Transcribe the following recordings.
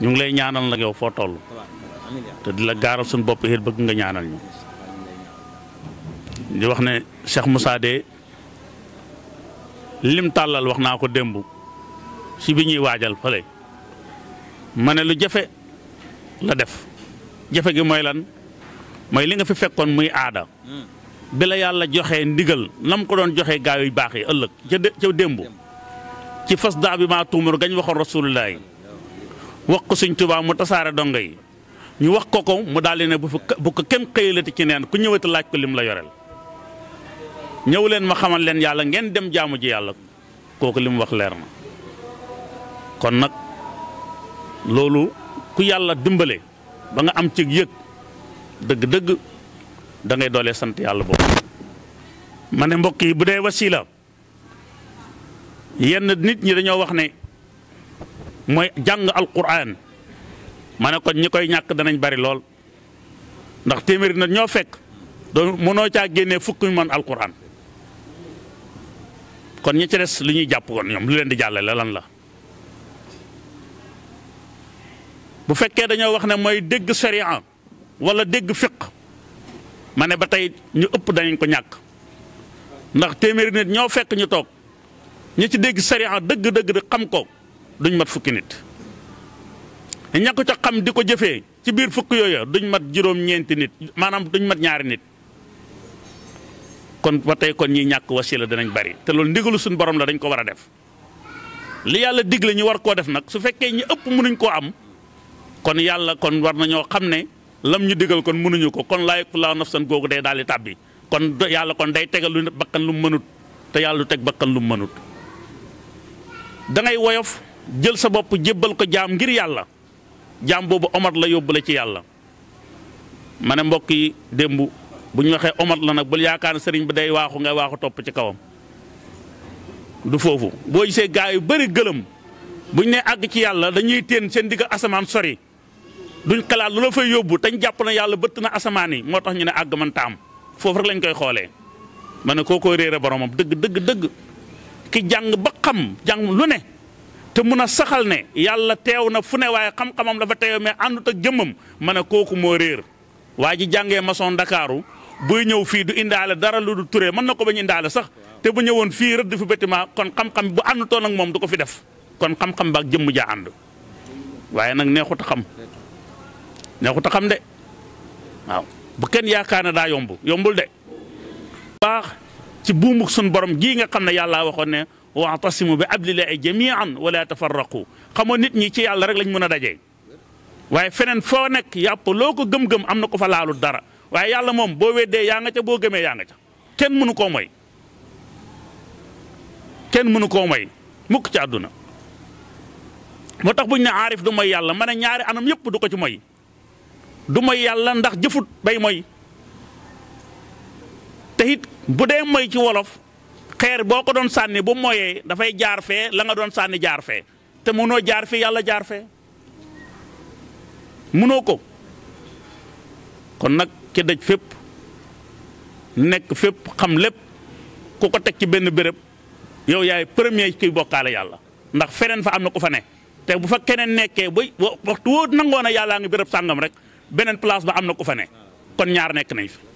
ñu ngi lay ñaanal nag yow foo toll te di la gaaral suñu bopp it bëgg nga ñaanal ñu di wax ne Cheikh musaa de lim tàllal wax naa ko démb si bi ñuy waajal fële ma ne lu jafe la def jafe gi mooy lan mooy li nga fi fekkoon muy aada bi la yàlla joxe ndigal na mu ko doon joxe gaa yu baax yi ëllëg ca ca démb ci fas daa bi maa tuumur gañ waxoon rasulullah yi wax ko sëñ Tuubaa mu tasaare dongo yi ñu wax ko ko mu daal di ne bu bu ko kenn xëyalati ci neen ku ñëwati laaj ko lim la yoreel ñëw leen ma xamal leen yàlla ngeen dem jaamu ji yàlla kooku li mu wax leer na kon nag loolu ku yàlla dimbale ba nga am ci yëg dëgg-dëgg da ngay sant yàlla boobu ma ne mbokk yi bu dee wasiila yenn nit ñi dañoo wax ne mooy jàng al ma ne kon ñi koy ñàkk danañ bari lool ndax téeméeri nit ñoo fekk doo mënoo caa génnee fukk ñu mën alquran kon ñi ci des li ñuy jàpp kon ñoom lu leen di jàllale lan la. bu fekkee dañoo wax ne mooy dégg sharia wala dégg fiq ma ne ba tey ñu ëpp danañ ko ñàkk ndax téeméeri nit ñoo fekk ñu toog ñu ci dégg sharia dëgg-dëgg di xam ko. duñ mat fukki nit ñak ca xam di jëfé ci biir fukk yoyu duñ mat juróom ñent nit manam duñ mat ñaari nit kon batay kon ñi ñak wasila dinañ bari té lool ndigalu suñ borom la dañ ko wara def li yalla diglé ñu war ko def nak su fekké ñi ëpp mënuñ ko am kon yalla kon war nañu xamné lam ñu diggal kon mënuñu ko kon laay ku laa nafsan gogu day daal di tàbbi kon yalla kon day tegal lu bakkan lu mënut te yalla du bakkan lu mënut da ngay woyof jël sa bopp jébbal ko jaam ngir yàlla jaam boobu omat la yóbbu la ci yàlla ma ne mbokk yi démb bu ñu waxee omat la nag bul yaakaar ne sëriñ bi day waaxu nga waaxu topp ci kawam du foofu boo gisee gaa yu bëri gëlëm buñ ne àgg ci yàlla dañuy téen seen digg asamaan sori duñ xalaat lu la fay yóbbu tañ jàpp na yàlla bëtt na asamaan yi moo tax ñu ne àgg man taam foofu rek lañ koy xoolee ma ne koo koy réere boromam dëgg dëgg dëgg ki jàng ba xam jàng lu ne te mun a saxal ne yàlla teew na fu ne waaye xam-xamam dafa teew mais àndut ak jëmmam ma ne kooku moo réer waa ji jàngee maçon ndakaaru buy ñëw fii du indaale dara lu du turee mën na ko bañ indaale sax te bu ñëwoon fii rëdd fi bâtiment kon xam-xam bu àndutoon ak moom du ko fi def kon xam-xam baak jëmm jaa ànd waaye nag neexut a xam neexut a xam de waaw bu kenn yaakaar ne daa yomb yombul de baax ci buumuk sun borom gii nga xam ne yàllaa waxoon ne واعتصموا بعبد الله جميعا ولا تفرقوا خمو نيت ني تي يالله رك لاني مونا داجي واي فنن فو نك ياب لوكو گم گم امنا كو فا لالو دار واي يالله موم بو ويدي ياغا تي بو گمي ياغا تي كين مونو كو موي كين مونو كو موي موك تي ادونا موتاخ بو ني عارف دو موي يالله مانا نياري انام ييب دوكو تي موي دو موي يالله جيفوت باي موي تهيت بودي موي تي ولوف xeer boo ko doon sànni bu mooyee dafay jaar fee la nga doon sànni jaar fee te mënoo jaar fii yàlla jaar fee mënoo ko kon nag ki daj fépp nekk fépp xam lépp ku ko teg ci benn béréb yow yaay premier kiy bokkaale yàlla ndax feneen fa am na ku fa ne te bu fa keneen nekkee ba waxtu woo nangoon a yàllaa ngi béréb sàngam rek beneen place ba am na ku fa ne kon ñaar nekk nañ fi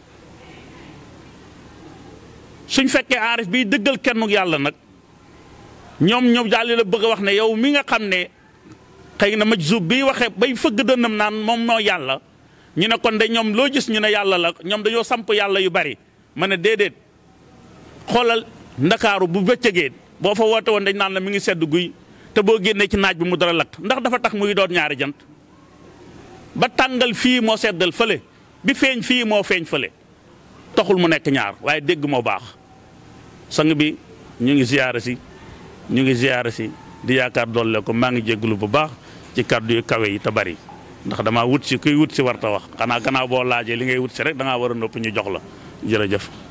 suñ fekkee aarif biy dëggal kennuk yàlla nag ñoom ñoom daal la bëgg a wax ne yow mi nga xam ne xëy na majzub bi waxee bay fëgg dënnam naan moom moo yàlla ñu ne kon de ñoom loo gis ñu ne yàlla la ñoom dañoo samp yàlla yu bari ma ne déedéet xoolal ndakaaru bu bëccëgee boo fa woote woon dañ naan la mi ngi sedd guy te boo génnee ci naaj bi mu dara lakk ndax dafa tax muy doon ñaari jant ba tàngal fii moo seddal fële bi feeñ fii moo feeñ fële taxul mu nekk ñaar waaye dégg moo baax sang bi ñu ngi ziyaara si ñu ngi ziyaara si di yaakaar la ko maa ngi jégalu bu baax ci kàddu yu kawe yi te bari ndax damaa wut si kuy wut si war warta wax xanaa gannaaw boo laajee li ngay wut si rek dangaa war a nopp ñu jox la jërëjëf.